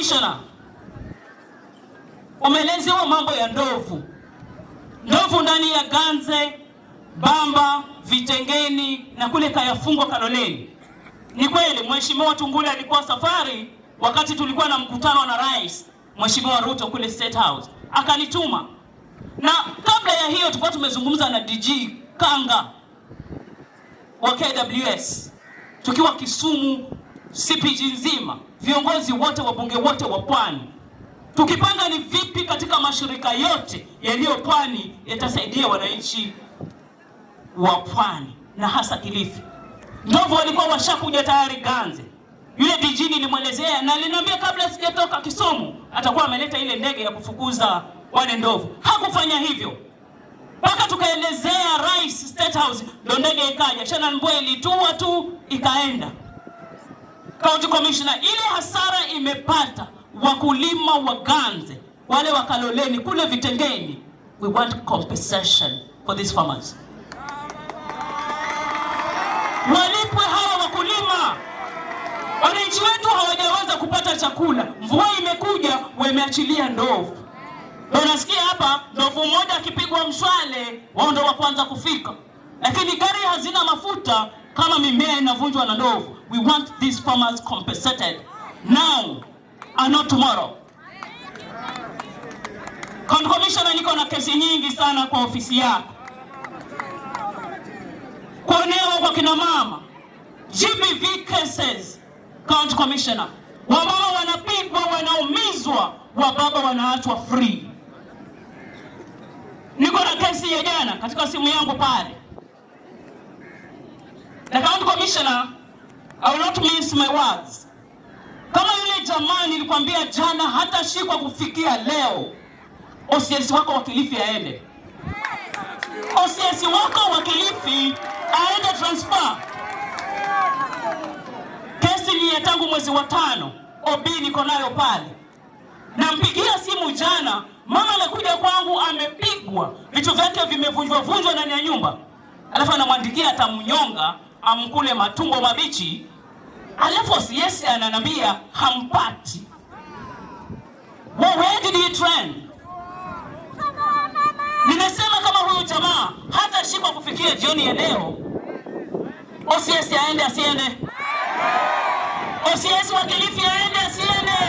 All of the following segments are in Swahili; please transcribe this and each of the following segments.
Kamishna, umeelezewa mambo ya ndovu, ndovu ndani ya Ganze, Bamba, Vitengeni na kule Kayafungwa, Kaloleni. Ni kweli Mheshimiwa Tungule alikuwa safari wakati tulikuwa na mkutano na rais Mheshimiwa Ruto kule State House, akanituma na kabla ya hiyo tulikuwa tumezungumza na DG Kanga wa KWS tukiwa Kisumu CPG nzima viongozi wote, wabunge wote wa Pwani, tukipanga ni vipi katika mashirika yote yaliyo Pwani yatasaidia wananchi wa Pwani na hasa Kilifi. Ndovu walikuwa washakuja tayari Ganze, yule dijini nilimwelezea na aliniambia kabla sijatoka Kisumu atakuwa ameleta ile ndege ya kufukuza wale ndovu. Hakufanya hivyo mpaka tukaelezea Rais State House, ndo ndege ikaja. Shannon Boy ilitua tu ikaenda. County Commissioner, ile hasara imepata wakulima wa Ganze wale wakaloleni kule Vitengeni, we want compensation for these farmers. Walipwe hawa wakulima, wananchi wetu hawajaweza kupata chakula. Mvua imekuja, wameachilia ndovu. Ndio nasikia hapa ndovu mmoja akipigwa mshwale, wao ndo wa kwanza kufika, lakini gari hazina mafuta kama mimea inavunjwa na ndovu, we want these farmers compensated now and not tomorrow. Commissioner, niko na kesi nyingi sana kwa ofisi yako, kuonewa kwa kina mama, GBV cases, County Commissioner, wamama wanapigwa, wanaumizwa, wababa wanaachwa free. Niko na kesi ya jana katika simu yangu pale The county commissioner, I will not mince my words. Kama yule jamaa nilikwambia jana hata shikwa kufikia leo, OCS wako wa Kilifi aende, OCS wako wa Kilifi aende transfer. Kesi ni ya tangu mwezi wa tano, OB niko nayo pale, nampigia simu jana, mama alikuja kwangu amepigwa, vitu vyake vimevunjwa vunjwa ndani ya nyumba, alafu anamwandikia atamnyonga amkule matumbo mabichi, alafu Yesu ananambia hampati. Well, where did he train? Nimesema kama huyu jamaa hata shikwa kufikia jioni ya leo, OCS aende asiende? OCS wa Kilifi aende asiende?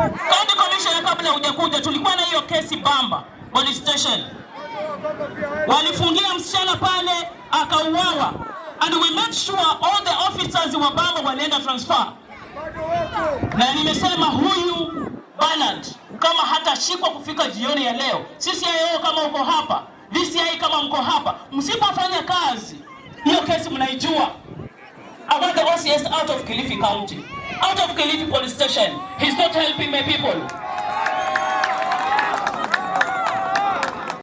County ya kabla hujakuja tulikuwa na hiyo kesi Bamba Police Station. Walifungia msichana pale akauawa, and we made sure all the officers wa Bamba walienda transfer, na nimesema huyu Bernard kama hatashikwa kufika jioni ya leo, sisi yeo kama uko hapa VCI, kama mko hapa, msipofanya kazi hiyo kesi mnaijua. I want the OCS out of Kilifi County, out of Kilifi police station. He's not helping my people.